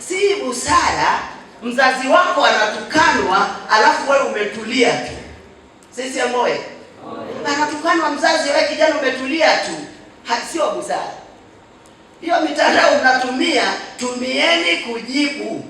si busara. Mzazi wako anatukanwa, alafu wewe umetulia tu. Sisi moye anatukanwa mzazi, wewe kijana umetulia tu, sio busara hiyo. Mitandao mnatumia tumieni kujibu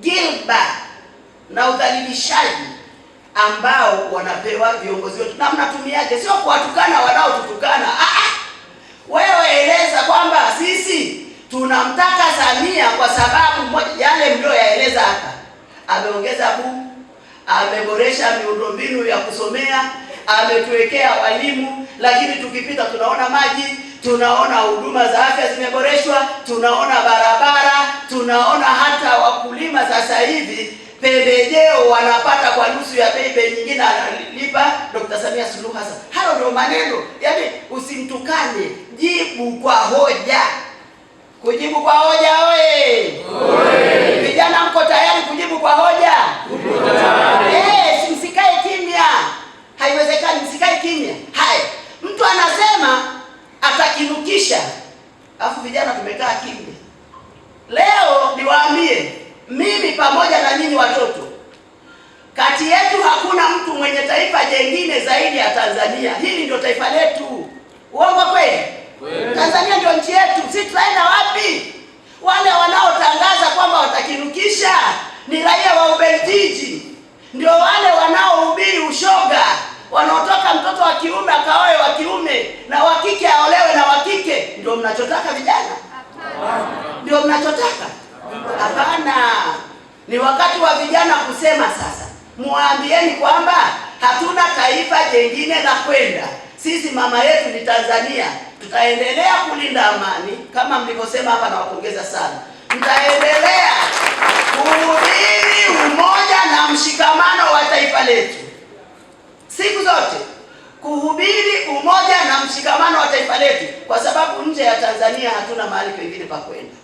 gilba na udhalilishaji ambao wanapewa viongozi wetu, na mnatumiaje? Sio kuwatukana tunamtaka Samia kwa sababu yale mlioyaeleza hapa, ameongeza bu, ameboresha miundombinu ya kusomea, ametuwekea walimu, lakini tukipita tunaona maji, tunaona huduma za afya zimeboreshwa, tunaona barabara, tunaona hata wakulima sasa hivi pembejeo wanapata kwa nusu ya bei, bei nyingine analipa Dr. Samia Suluhu Hassan. Hayo ndio maneno, yaani usimtukane, jibu kwa hoja. Kujibu kwa hoja oye! Vijana mko tayari kujibu kwa hoja? Eh, msikae kimya, haiwezekani msikae kimya. Haya, mtu anasema atakinukisha, alafu vijana tumekaa kimya. Leo niwaambie mimi pamoja na nyinyi watoto, kati yetu hakuna mtu mwenye taifa jengine zaidi ya Tanzania. Hili ndio taifa letu, uongo kweli? Tanzania ndio nchi yetu, si tutaenda wapi? Wale wanaotangaza kwamba watakinukisha ni raia wa Ubelgiji, ndio wale wanaohubiri ushoga, wanaotoka mtoto wa kiume akaoe wa kiume na wa kike aolewe na wa kike. Ndio mnachotaka vijana? Ndio mnachotaka? Hapana, ni wakati wa vijana kusema sasa. Muambieni kwamba hatuna taifa jengine la kwenda, sisi mama yetu ni Tanzania. Tutaendelea kulinda amani kama mlivyosema hapa, nawapongeza sana. Tutaendelea kuhubiri umoja na mshikamano wa taifa letu siku zote, kuhubiri umoja na mshikamano wa taifa letu, kwa sababu nje ya Tanzania hatuna mahali pengine pa kwenda.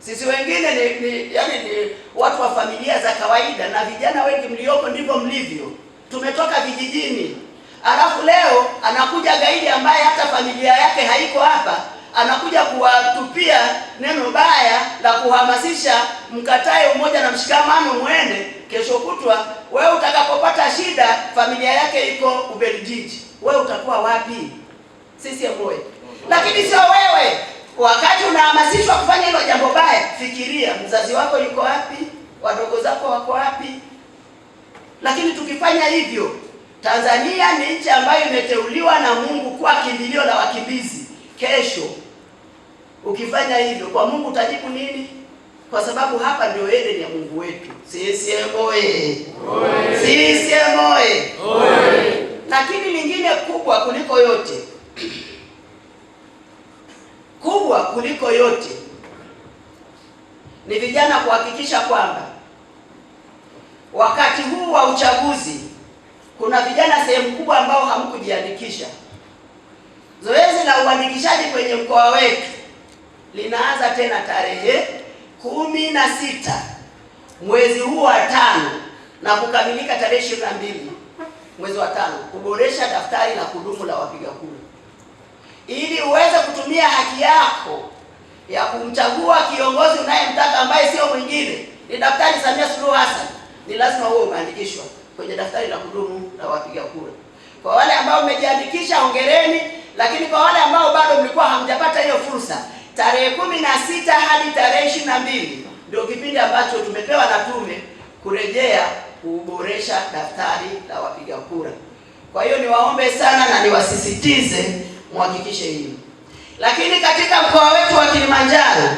Sisi wengine ni, ni, yani ni watu wa familia za kawaida, na vijana wengi mliopo ndivyo mlivyo, tumetoka vijijini Alafu leo anakuja gaidi ambaye hata familia yake haiko hapa, anakuja kuwatupia neno baya la kuhamasisha mkatae umoja na mshikamano, mwende kesho kutwa. Wewe utakapopata shida, familia yake iko Ubelgiji, wewe utakuwa wapi? Sisi oye! Lakini sio wewe, wakati unahamasishwa kufanya hilo jambo baya, fikiria mzazi wako yuko wapi, wadogo zako wako wapi. Lakini tukifanya hivyo Tanzania ni nchi ambayo imeteuliwa na Mungu kuwa kimbilio la wakimbizi. Kesho ukifanya hivyo kwa Mungu utajibu nini? Kwa sababu hapa ndio Edeni ya Mungu wetu. CCM oye! CCM oye! Lakini lingine kubwa kuliko yote, kubwa kuliko yote ni vijana kuhakikisha kwamba wakati huu wa uchaguzi kuna vijana sehemu kubwa ambao hamkujiandikisha. Zoezi la uandikishaji kwenye mkoa wetu linaanza tena tarehe kumi na sita mwezi huu wa tano na kukamilika tarehe ishirini na mbili mwezi wa tano kuboresha daftari la kudumu la wapiga kura ili uweze kutumia haki yako ya kumchagua kiongozi unayemtaka ambaye sio mwingine ni Daktari Samia Suluhu Hassan, ni lazima uwe umeandikishwa kwenye daftari la kudumu la wapiga kura. Kwa wale ambao mmejiandikisha ongereni lakini kwa wale ambao bado mlikuwa hamjapata hiyo fursa, tarehe kumi na sita hadi tarehe ishirini na mbili ndio kipindi ambacho tumepewa na tume kurejea kuboresha daftari la wapiga kura. Kwa hiyo niwaombe sana na niwasisitize muhakikishe hili. Lakini katika mkoa wetu wa Kilimanjaro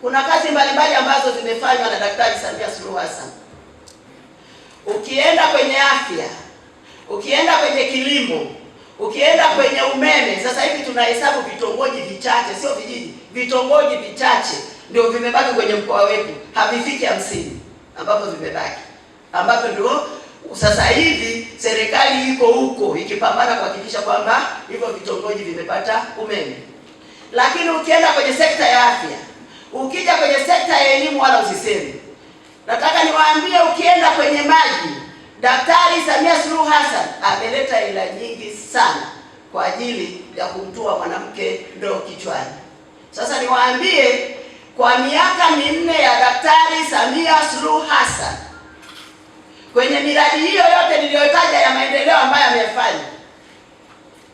kuna kazi mbalimbali ambazo zimefanywa na Daktari Samia Suluhu Hassan ukienda kwenye afya, ukienda kwenye kilimo, ukienda kwenye umeme. Sasa hivi tunahesabu vitongoji vichache, sio vijiji, vitongoji vichache ndio vimebaki kwenye mkoa wetu, havifiki hamsini ambapo vimebaki, ambapo ndio sasa hivi serikali iko huko ikipambana kuhakikisha kwamba hivyo vitongoji vimepata umeme. Lakini ukienda kwenye sekta ya afya, ukija kwenye sekta ya elimu, wala usisemi Nataka niwaambie, ukienda kwenye maji, Daktari Samia Suluhu Hassan ameleta hela nyingi sana kwa ajili ya kumtua mwanamke ndoo kichwani. Sasa niwaambie, kwa miaka minne ya Daktari Samia Suluhu Hassan kwenye miradi hiyo yote niliyotaja ya maendeleo ambayo amefanya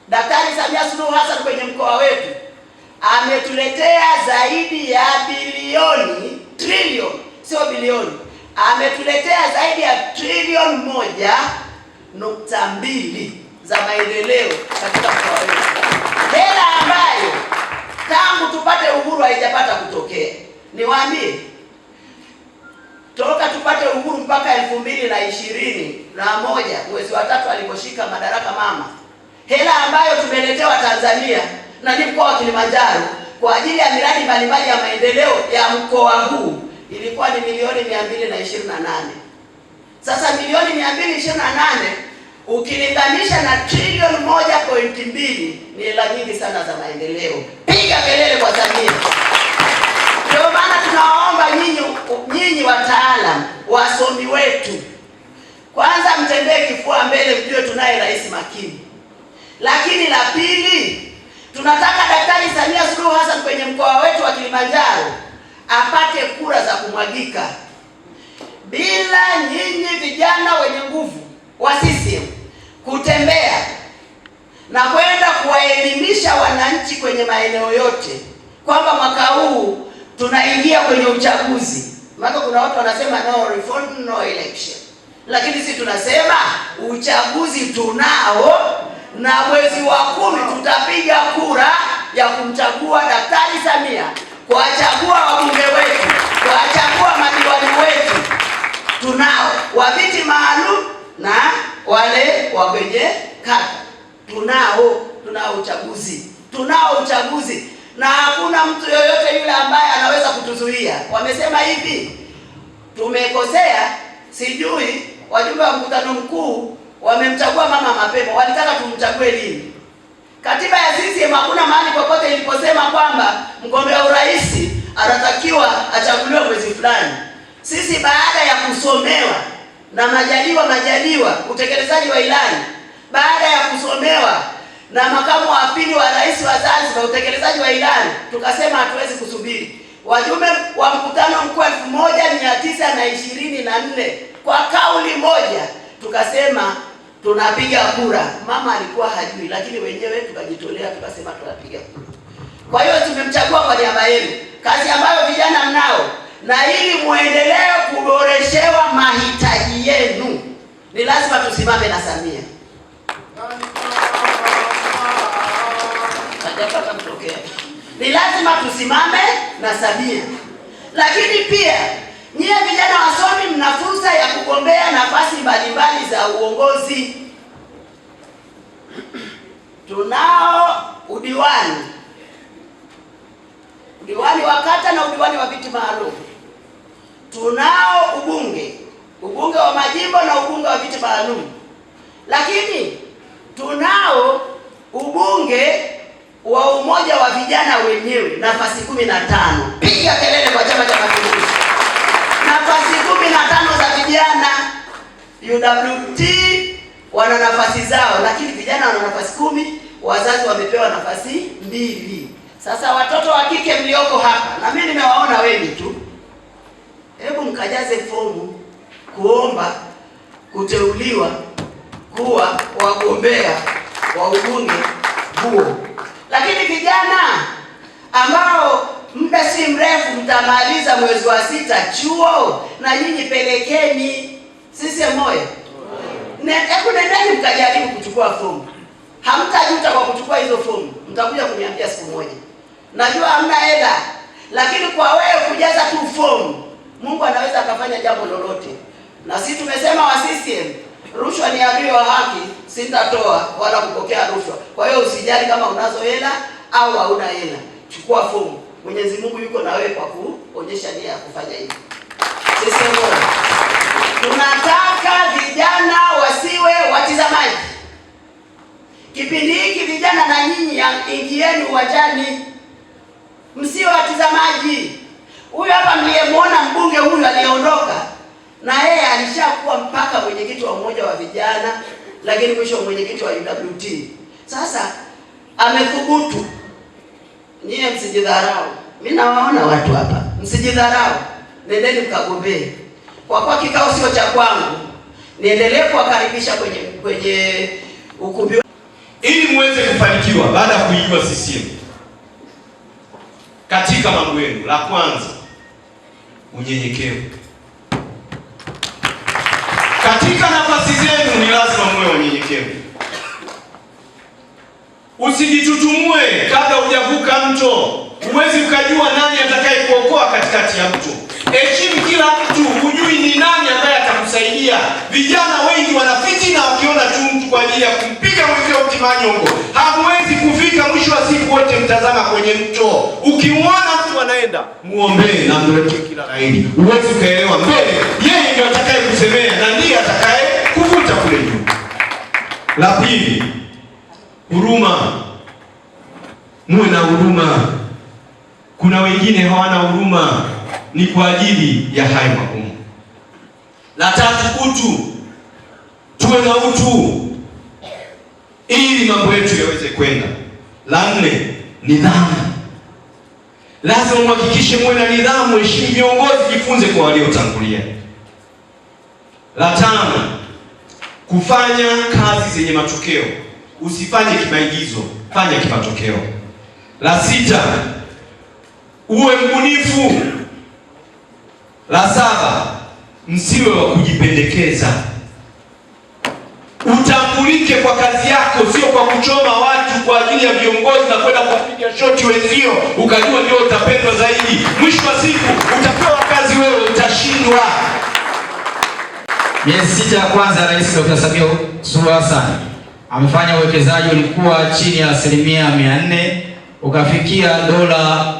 Daktari Samia Suluhu Hassan kwenye mkoa wetu ametuletea zaidi ya bilioni sio bilioni, ametuletea zaidi ya trilioni moja nukta mbili za maendeleo katika mkoa wetu, hela ambayo tangu tupate uhuru haijapata kutokea. Niwaambie, toka tupate uhuru mpaka elfu mbili na ishirini na moja mwezi wa tatu aliposhika madaraka mama, hela ambayo tumeletewa Tanzania na ni mkoa wa Kilimanjaro kwa ajili ya miradi mbalimbali ya maendeleo ya mkoa huu ilikuwa ni milioni mia mbili na ishirini na nane. Sasa milioni mia mbili ishirini na nane ukilinganisha na trilioni moja pointi mbili ni hela nyingi sana za maendeleo. Piga kelele kwa Samia! Ndio maana tunawaomba nyinyi, nyinyi wataalam, wasomi wetu, kwanza mtendee kifua mbele, mjue tunaye rais makini. Lakini la pili, tunataka Daktari Samia Suluhu Hassan kwenye mkoa wetu wa Kilimanjaro apate kura za kumwagika. Bila nyinyi vijana wenye nguvu wa CCM kutembea na kwenda kuwaelimisha wananchi kwenye maeneo yote kwamba mwaka huu tunaingia kwenye uchaguzi. Maana kuna watu wanasema no reform no election, lakini sisi tunasema uchaguzi tunao, na mwezi wa kumi tutapiga kura ya kumchagua Daktari Samia kuwachagua wabunge wetu, kuwachagua madiwani wetu. Tunao wa viti maalum na wale wa kwenye kata, tunao tunao uchaguzi, tunao uchaguzi na hakuna mtu yoyote yule ambaye anaweza kutuzuia. Wamesema hivi, tumekosea, sijui wajumbe wa mkutano mkuu wamemchagua mama mapema, walitaka tumchague lini? Katiba ya CCM hakuna mahali popote iliposema kwamba mgombea urais anatakiwa achaguliwe mwezi fulani. Sisi baada ya kusomewa na majaliwa majaliwa utekelezaji wa ilani, baada ya kusomewa na makamu wa pili wa rais wa Zanzibar utekelezaji wa ilani, tukasema hatuwezi kusubiri. Wajumbe wa mkutano mkuu elfu moja mia tisa na ishirini na nne kwa kauli moja tukasema tunapiga kura. Mama alikuwa hajui, lakini wenyewe tukajitolea tukasema tunapiga kura. Kwa hiyo tumemchagua kwa niaba yenu, kazi ambayo vijana mnao, na ili muendelee kuboreshewa mahitaji yenu, ni lazima tusimame na Samia. Ni lazima tusimame na Samia, lakini pia Nyie vijana wasomi mna fursa ya kugombea nafasi mbalimbali za uongozi. Tunao udiwani, udiwani wa kata na udiwani wa viti maalum. Tunao ubunge, ubunge wa majimbo na ubunge wa viti maalum, lakini tunao ubunge wa umoja wa vijana wenyewe, nafasi kumi na tano. Piga kelele kwa Chama cha UWT wana nafasi zao, lakini vijana wana nafasi kumi, wazazi wamepewa nafasi mbili. Sasa watoto wa kike mlioko hapa, na mimi nimewaona wengi tu, hebu mkajaze fomu kuomba kuteuliwa kuwa wagombea wa ubunge huo. Lakini vijana ambao muda si mrefu mtamaliza mwezi wa sita chuo, na nyinyi pelekeni sisi moyo na hebu nendeni mkajaribu kuchukua fomu. Hamtajuta kwa kuchukua hizo fomu, mtakuja kuniambia siku moja. Najua hamna hela, lakini kwa wewe kujaza tu fomu, Mungu anaweza akafanya jambo lolote. Na sisi tumesema wa CCM, rushwa ni adui wa haki, sitatoa wala kupokea rushwa. Kwa hiyo usijali kama unazo hela au hauna hela, chukua fomu. Mwenyezi Mungu yuko na wewe kwa kuonyesha nia ya kufanya hivyo. CCM tunataka vijana wasiwe watizamaji. Kipindi hiki vijana na nyinyi ingieni uwanjani, msiwe watizamaji. Huyu hapa mliyemwona mbunge huyu aliyeondoka, na yeye alishakuwa mpaka mwenyekiti wa umoja wa vijana, lakini mwisho mwenyekiti wa UWT. Sasa amethubutu. Nyie msijidharau, mi nawaona watu hapa, msijidharau, nendeni mkagombee. Kwa kuwa kikao sio cha kwangu, niendelee kuwakaribisha kwenye kwenye ukumbi ili muweze kufanikiwa baada ya kuijua CCM katika mambo yenu. La kwanza, unyenyekevu katika nafasi zenu, ni lazima muwe unyenyekevu. Usijitutumue kabla hujavuka mto. Huwezi ukajua nani atakaye kuokoa katikati ya mto. Heshimu kila mtu ni nani ambaye atakusaidia? Vijana wengi na wakiona tu mtu kwa ajili ya kumpiga mwenzio kimanyogo. Hamwezi kufika, mwisho wa siku wote mtazama kwenye mto. Ukimwona mtu anaenda, muombee na mletee kila laini. uwezi ukaelewa mbele, yeye ndiye atakaye kusemea na ndiye atakaye kuvuta kule juu. La pili, huruma. Muwe na huruma. Kuna wengine hawana huruma, ni kwa ajili ya haya magumu. La tatu utu, tuwe na utu ili mambo yetu yaweze kwenda. La nne nidhamu, lazima muhakikishe muwe na nidhamu, heshimu viongozi, jifunze kwa waliotangulia. La tano kufanya kazi zenye matokeo, usifanye kimaigizo, fanya kimatokeo. La sita uwe mbunifu. La saba msiwe wa kujipendekeza. Utambulike kwa kazi yako, sio kwa kuchoma watu kwa ajili ya viongozi na kwenda kuwapiga shoti wenzio ukajua ndio utapendwa zaidi. Mwisho wa siku utapewa kazi, wewe utashindwa. Miezi sita ya kwanza Rais Dr. Samia Suluhu Hassan amefanya uwekezaji ulikuwa chini ya asilimia mia nne ukafikia dola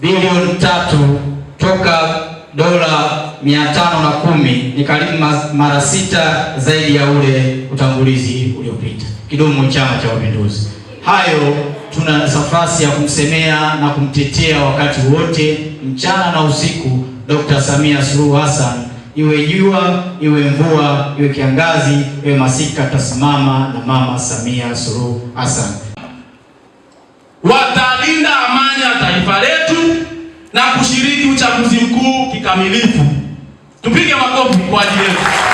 bilioni tatu toka dola mia tano na kumi ni karibu mara sita zaidi ya ule utangulizi uliopita. Kidumu Chama cha Mapinduzi! Hayo tuna nafasi ya kumsemea na kumtetea wakati wote, mchana na usiku, Dr. Samia Suluhu Hassan. Iwe jua iwe mvua iwe kiangazi iwe masika, tasimama na Mama Samia Suluhu Hassan. Watalinda amani ya taifa letu na kushiriki uchaguzi mkuu kikamilifu. Tupige makofi kwa ajili yetu.